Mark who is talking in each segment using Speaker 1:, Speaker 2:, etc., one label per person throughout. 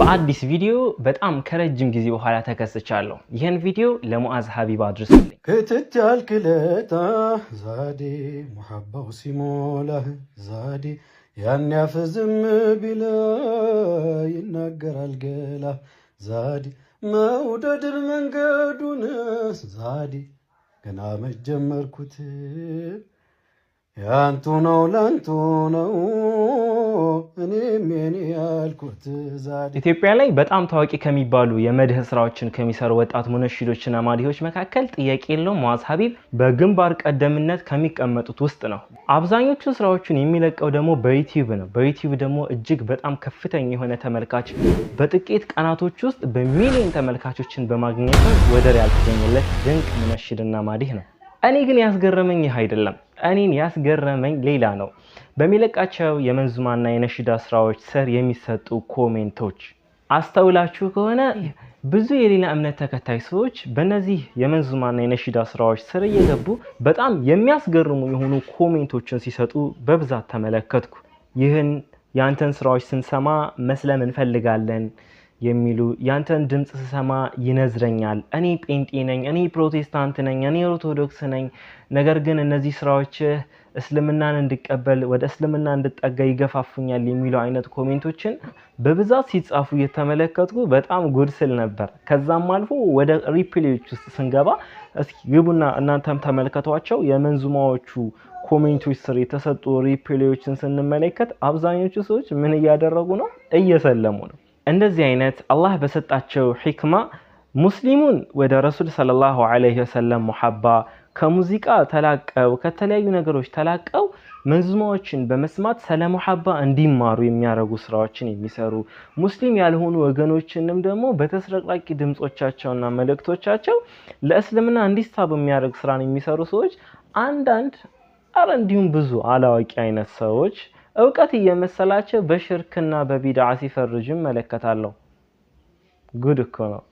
Speaker 1: በአዲስ ቪዲዮ በጣም ከረጅም ጊዜ በኋላ ተከስቻለሁ። ይህን ቪዲዮ ለሙዓዝ ሀቢባ አድርሱልኝ። ክትት ያልክለታ ዛዴ ሙሐባው ሲሞላህ ዛዴ ያን ያፈዝም ቢላ ይናገራል ገላ ዛዴ መውደድን መንገዱን ዛዴ ገና መጀመርኩት ያንቱ ነው ለንቱ ነው እኔም የኔ ያልኩት
Speaker 2: ኢትዮጵያ ላይ በጣም ታዋቂ ከሚባሉ የመድህ ስራዎችን ከሚሰሩ ወጣት ሙነሺዶችና ማዲሆች መካከል ጥያቄ የለውም ሙአዝ ሀቢብ በግንባር ቀደምነት ከሚቀመጡት ውስጥ ነው። አብዛኞቹ ስራዎቹን የሚለቀው ደግሞ በዩቲዩብ ነው። በዩቲዩብ ደግሞ እጅግ በጣም ከፍተኛ የሆነ ተመልካች በጥቂት ቀናቶች ውስጥ በሚሊዮን ተመልካቾችን በማግኘት ወደር ያልተገኘለት ድንቅ ሙነሺድና ማዲህ ነው። እኔ ግን ያስገረመኝ ይህ አይደለም። እኔን ያስገረመኝ ሌላ ነው። በሚለቃቸው የመንዙማና የነሽዳ ስራዎች ስር የሚሰጡ ኮሜንቶች አስተውላችሁ ከሆነ ብዙ የሌላ እምነት ተከታይ ሰዎች በእነዚህ የመንዙማና የነሽዳ ስራዎች ስር እየገቡ በጣም የሚያስገርሙ የሆኑ ኮሜንቶችን ሲሰጡ በብዛት ተመለከትኩ። ይህን የአንተን ስራዎች ስንሰማ መስለም እንፈልጋለን የሚሉ ያንተን ድምፅ ስሰማ ይነዝረኛል። እኔ ጴንጤ ነኝ፣ እኔ ፕሮቴስታንት ነኝ፣ እኔ ኦርቶዶክስ ነኝ። ነገር ግን እነዚህ ስራዎችህ እስልምናን እንድቀበል ወደ እስልምና እንድጠጋ ይገፋፉኛል የሚሉ አይነት ኮሜንቶችን በብዛት ሲጻፉ እየተመለከትኩ በጣም ጉድ ስል ነበር። ከዛም አልፎ ወደ ሪፕሌዎች ውስጥ ስንገባ እስኪ ግቡና እናንተም ተመልከቷቸው። የመንዙማዎቹ ኮሜንቶች ስር የተሰጡ ሪፕሌዎችን ስንመለከት አብዛኞቹ ሰዎች ምን እያደረጉ ነው? እየሰለሙ ነው። እንደዚህ አይነት አላህ በሰጣቸው ሒክማ ሙስሊሙን ወደ ረሱል ሰለላሁ ዐለይሂ ወሰለም ሙሐባ ከሙዚቃ ተላቀው ከተለያዩ ነገሮች ተላቀው መንዝማዎችን በመስማት ስለ ሙሐባ እንዲማሩ የሚያደርጉ ስራዎችን የሚሰሩ ሙስሊም ያልሆኑ ወገኖችንም ደግሞ በተስረቅራቂ ድምጾቻቸውና መልእክቶቻቸው ለእስልምና እንዲሳቡ የሚያደርግ ስራን የሚሰሩ ሰዎች አንዳንድ አረ እንዲሁም ብዙ አላዋቂ አይነት ሰዎች እውቀት እየመሰላቸው በሽርክና በቢድዓ ሲፈርጁ እመለከታለሁ። ጉድ እኮ ነው።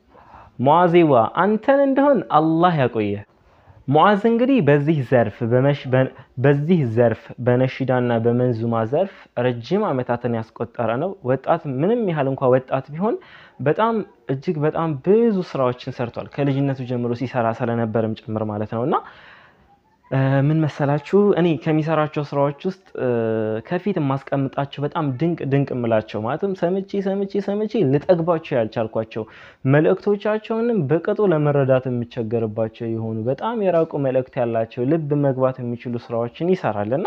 Speaker 2: ሙዓዚዋ አንተን እንደሆን አላህ ያቆየ። ሙዓዝ እንግዲህ በዚህ ዘርፍ በዚህ ዘርፍ በነሺዳና በመንዙማ ዘርፍ ረጅም ዓመታትን ያስቆጠረ ነው። ወጣት ምንም ያህል እንኳ ወጣት ቢሆን በጣም እጅግ በጣም ብዙ ስራዎችን ሰርቷል። ከልጅነቱ ጀምሮ ሲሰራ ስለነበርም ጭምር ማለት ነው እና ምን መሰላችሁ እኔ ከሚሰራቸው ስራዎች ውስጥ ከፊት የማስቀምጣቸው በጣም ድንቅ ድንቅ የምላቸው ማለትም ሰምቼ ሰምቼ ሰምቼ ልጠግባቸው ያልቻልኳቸው መልእክቶቻቸውንም በቅጡ ለመረዳት የሚቸገርባቸው የሆኑ በጣም የራቁ መልእክት ያላቸው ልብ መግባት የሚችሉ ስራዎችን ይሰራል እና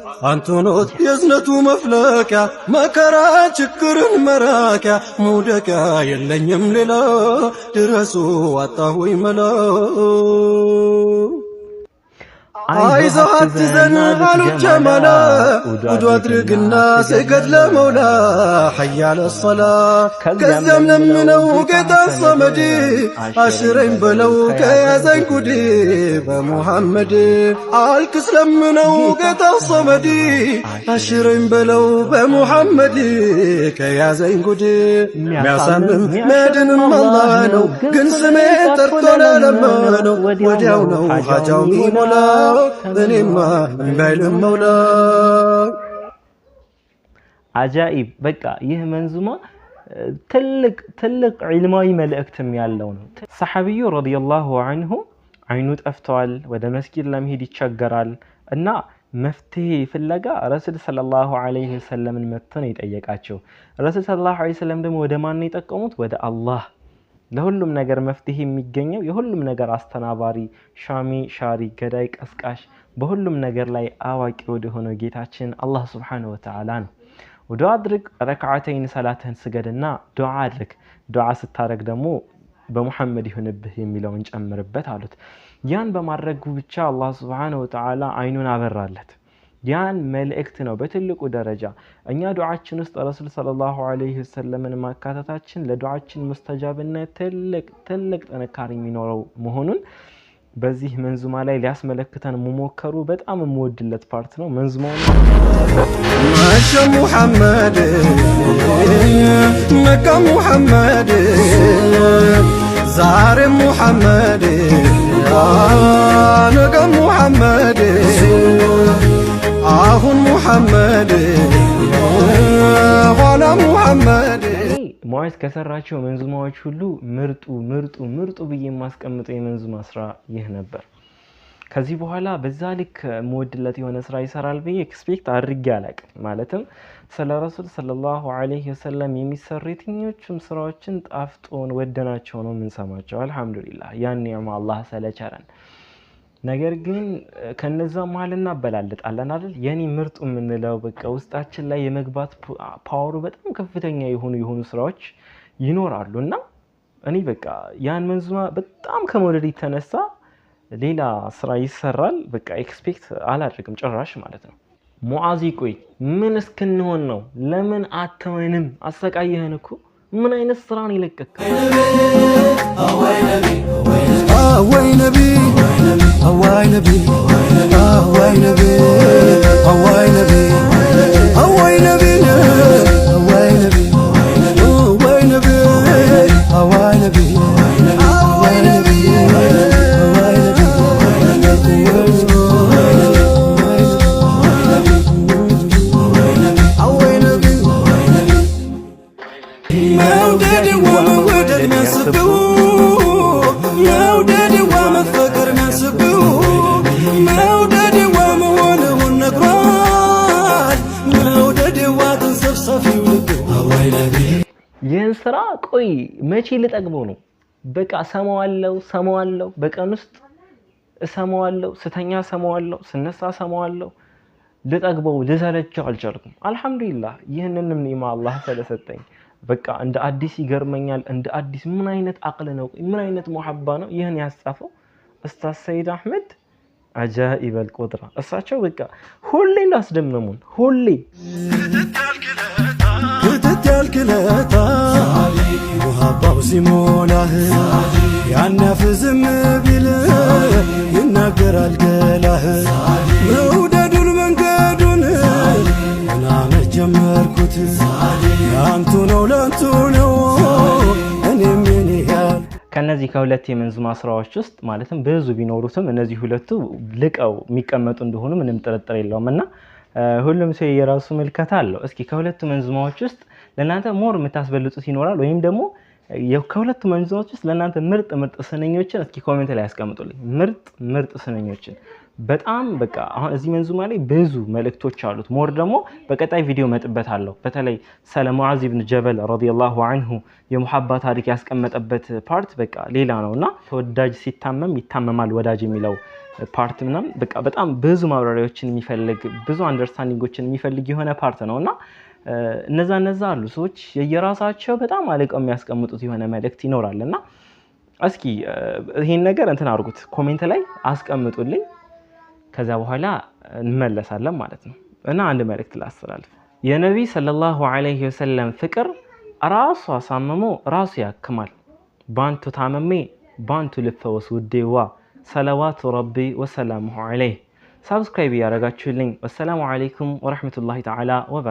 Speaker 1: አንተኖት የዝነቱ መፍለቂያ መከራ ችግርን መራቂያ ሙደቂያ የለኝም ሌላ ድረሱ አጣሁኝ መላ አይዞህ አትዘን አሉት ጀመላ ውዱ አድርግና ስገድ ለመውላ ሐያለ ሰላ ከዚያም ለምነው ጌታ ሰመድ አሽረኝ በለው ከያዘኝ ጉድ በሙሐመድ አልክስ ለምነው ጌታ ሰመድ አሽረኝ በለው በሙሐመድ ከያዘኝ ጉድ ሚያሳምም መድንም አላህ ነው ግን ስሜ ጠርቶለ ለመነው ወዲያው ነው ሐጃው ሚሞላው እኔማ እምባይልም መውላ
Speaker 2: አጃኢብ በቃ ይህ መንዙማ ትልቅ ትልቅ ዒልማዊ መልእክትም ያለው ነው። ሰሐቢዩ ረዲየላሁ አንሁ አይኑ ጠፍተዋል፣ ወደ መስጊድ ለመሄድ ይቸገራል እና መፍትሄ ፍለጋ ረሱል ሰለላሁ ዐለይሂ ወሰለምን መጥተው ነው የጠየቃቸው። ረሱል ሰለላሁ ዐለይሂ ወሰለም ደግሞ ወደ ማን ነው የጠቀሙት? ወደ አላህ ለሁሉም ነገር መፍትሄ የሚገኘው የሁሉም ነገር አስተናባሪ፣ ሻሚ፣ ሻሪ፣ ገዳይ፣ ቀስቃሽ፣ በሁሉም ነገር ላይ አዋቂ ወደሆነው ጌታችን አላህ ስብሓነሁ ወተዓላ ነው። ዱዓ አድርግ። ረክዓተይን ሰላትህን ስገድና ዱዓ አድርግ። ዱዓ ስታደረግ ደግሞ በሙሐመድ ይሁንብህ የሚለውን ጨምርበት አሉት። ያን በማድረጉ ብቻ አላህ ስብሓነሁ ወተዓላ አይኑን አበራለት። ያን መልእክት ነው በትልቁ ደረጃ እኛ ዱዓችን ውስጥ ረሱል ሰለላሁ ዐለይሂ ወሰለምን ማካተታችን ለዱዓችን ሙስተጃብነት ትልቅ ትልቅ ጥንካሬ የሚኖረው መሆኑን በዚህ መንዙማ ላይ ሊያስመለክተን መሞከሩ በጣም የምወድለት ፓርት ነው። መንዙማው
Speaker 1: ማሻ ሙሐመድ መካ ሙሐመድ ዛሬ ሙሐመድ ነገ
Speaker 2: ከሰራቸው መንዙማዎች ሁሉ ምርጡ ምርጡ ምርጡ ብዬ የማስቀምጠው የመንዙማ ስራ ይህ ነበር። ከዚህ በኋላ በዛ ልክ መወድለት የሆነ ስራ ይሰራል ብዬ ኤክስፔክት አድርጌ አላቅ። ማለትም ስለ ረሱል ሰለላሁ አለይሂ ወሰለም የሚሰሩ የትኞቹም ስራዎችን ጣፍጦን ወደናቸው ነው የምንሰማቸው። አልሐምዱሊላህ ያን ኒዕማ አላህ ስለቸረን። ነገር ግን ከነዛ መሀል እናበላልጣለን አይደል? የኔ ምርጡ የምንለው በቃ ውስጣችን ላይ የመግባት ፓወሩ በጣም ከፍተኛ የሆኑ የሆኑ ስራዎች ይኖራሉ እና እኔ በቃ ያን መንዙማ በጣም ከመውደድ የተነሳ ሌላ ስራ ይሰራል በቃ ኤክስፔክት አላድርግም ጭራሽ ማለት ነው። ሙአዚ ቆይ ምን እስክንሆን ነው? ለምን አተወንም? አሰቃየህን እኮ ምን አይነት ስራ ነው የለቀቀው?
Speaker 1: አዋይ ነቢ መውደድ ወመወደድ መውደድ ወመፈቀር መውደድ ነግሯል። መውደድ ዋትን
Speaker 2: ይህን ስራ ቆይ መቼ ልጠግበው ነው? በቃ ሰማዋለው ሰማዋለው፣ በቀን ውስጥ እሰማዋለው፣ ስተኛ ሰማዋለው፣ ስነሳ ሰማዋለው። ልጠግበው ልሰለቸው አልቻልኩም። አልሐምዱሊላህ ይህንንም ኒማ አላህ ስለሰጠኝ በቃ እንደ አዲስ ይገርመኛል። እንደ አዲስ ምን አይነት አቅል ነው? ምን አይነት መሐባ ነው? ይህን ያስጻፈው ኡስታዝ ሰይድ አህመድ አጃኢበል ቆጥራ። እሳቸው በቃ ሁሌ ላስደምነሙን ሁሌ
Speaker 1: ክትት ያልክለታ ሙሐባው ሲሞላህ ያነፍዝም ቢል ይናገራል ገላህ ከነዚህ ነው ለንቱ ነው ያል
Speaker 2: ከሁለት የመንዙማ ስራዎች ውስጥ ማለትም ብዙ ቢኖሩትም እነዚህ ሁለቱ ልቀው የሚቀመጡ እንደሆኑ ምንም ጥርጥር የለውም እና ሁሉም ሰው የራሱ ምልከታ አለው። እስኪ ከሁለቱ መንዙማዎች ውስጥ ለእናንተ ሞር የምታስበልጡት ይኖራል ወይም ደግሞ ከሁለቱ መንዙማዎች ውስጥ ለእናንተ ምርጥ ምርጥ ስንኞችን እስኪ ኮሜንት ላይ ያስቀምጡልኝ። ምርጥ ምርጥ ስንኞችን በጣም በቃ አሁን እዚህ መንዙማ ላይ ብዙ መልእክቶች አሉት። ሞር ደግሞ በቀጣይ ቪዲዮ አለው። በተለይ ስለ ሙዓዝ ብን ጀበል ረዲየላሁ አንሁ የሙሐባ ታሪክ ያስቀመጠበት ፓርት በቃ ሌላ ነው እና ተወዳጅ ሲታመም ይታመማል ወዳጅ የሚለው ፓርት ምናም በቃ በጣም ብዙ ማብራሪያዎችን የሚፈልግ ብዙ አንደርስታንዲንጎችን የሚፈልግ የሆነ ፓርት ነው እና እነዛ እነዛ አሉ ሰዎች የየራሳቸው በጣም አለቀው የሚያስቀምጡት የሆነ መልእክት ይኖራል እና እስኪ ይህን ነገር እንትን አድርጉት፣ ኮሜንት ላይ አስቀምጡልኝ። ከዚያ በኋላ እንመለሳለን ማለት ነው እና አንድ መልእክት ላስተላልፍ። የነቢይ ሰለላሁ ዐለይሂ ወሰለም ፍቅር ራሱ አሳምሞ ራሱ ያክማል። ባንቱ ታመሜ ባንቱ ልፈወስ ውዴዋ። ሰለዋቱ ረቢ ወሰላሙሁ ዐለይህ። ሳብስክራይብ እያደረጋችሁልኝ። ወሰላሙ ዐለይኩም ወረሕመቱላሂ ተዓላ ወበረካቱ